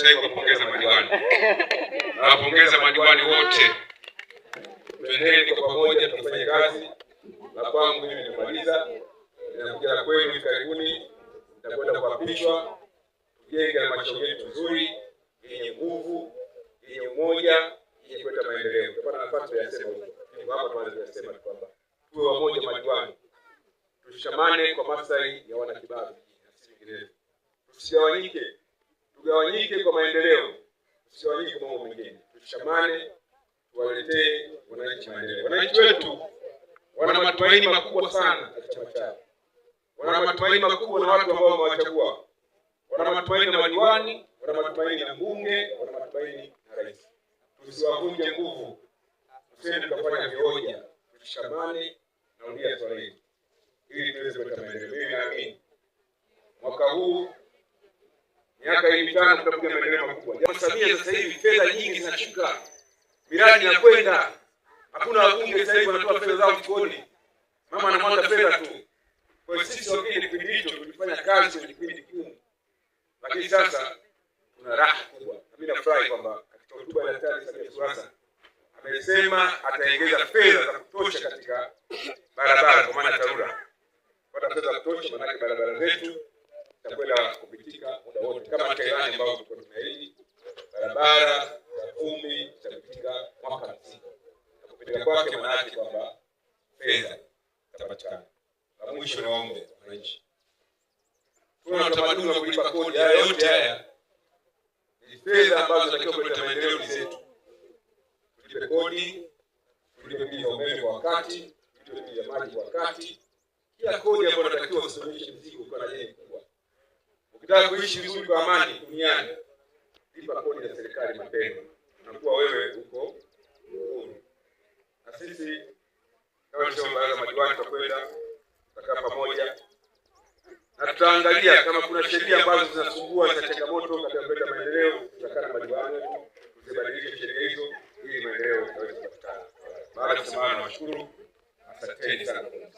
usahii kuwapongeza madiwani. Nawapongeza madiwani wote, twendeni kwa pamoja tukafanya kazi. La kwangu mimi nimemaliza, inakuja la kwenu hivi karibuni, nitakwenda kuapishwa. Tujenge halmashauri yetu nzuri yenye nguvu, yenye umoja, yenye kuleta maendeleo. Tupata nafasi ya tuyasema hapa, tuanze kusema kwamba tuwe wamoja madiwani, tushamane kwa maslahi ya na sisi wanakibabi, tusingewanyike tugawanyike kwa maendeleo, tusigawanyike kwa mambo mengine, tushikamane, tuwaletee wananchi maendeleo. Wananchi wetu wana matumaini makubwa sana katika chama chao, wana matumaini makubwa na watu ambao wamewachagua, wana matumaini na madiwani, wana matumaini na bunge, wana matumaini na rais. Tusiwavunje nguvu, tusende tukafanya vioja, tushikamane. Narudia swala hili ili tuweze kuleta maendeleo. Mimi naamini mwaka huu miaka hii mitano tutakuja maendeleo makubwa. Jamaa Samia sasa hivi fedha nyingi zinashuka, miradi inakwenda, hakuna wabunge sasa hivi wanatoa fedha zao mfukoni, mama anamwaga fedha tu. Kwa hiyo sisi wakili, kipindi hicho tulifanya kazi kwenye kipindi kigumu, lakini sasa tuna raha kubwa, na mimi nafurahi kwamba katika hotuba ya Daktari Samia Suluhu Hassan amesema ataongeza fedha za kutosha katika barabara, kwa maana TARURA pata fedha za kutosha, maanake barabara zetu itakwenda kupitika muda wote kama Taiwan ambao tulikuwa tunaahidi barabara za vumbi zitapitika mwaka mzima, na kupitika kwake maanake kwamba fedha itapatikana. Na mwisho, niwaombe wananchi, tuna utamaduni wa kulipa kodi. Haya yote haya ni fedha ambazo zinatakiwa kuleta maendeleo ni zetu. Tulipe kodi, tulipe bili ya umeme kwa wakati, tulipe bili ya maji kwa wakati, kila kodi ambayo unatakiwa usuluhishe mzigo kwa wananchi. Ukitaka kuishi vizuri kwa amani duniani, lipa kodi ya serikali mapema, unakuwa wewe uko uhuru. Na sisi kama baraza madiwani, tutakwenda tutakaa pamoja na tutaangalia kama kuna sheria ambazo zinasumbua za changamoto katika kuleta maendeleo, tutakaa na madiwani tuzibadilishe sheria hizo ili maendeleo yaweze kupatikana. Baada ya kusema, nawashukuru, asanteni sana.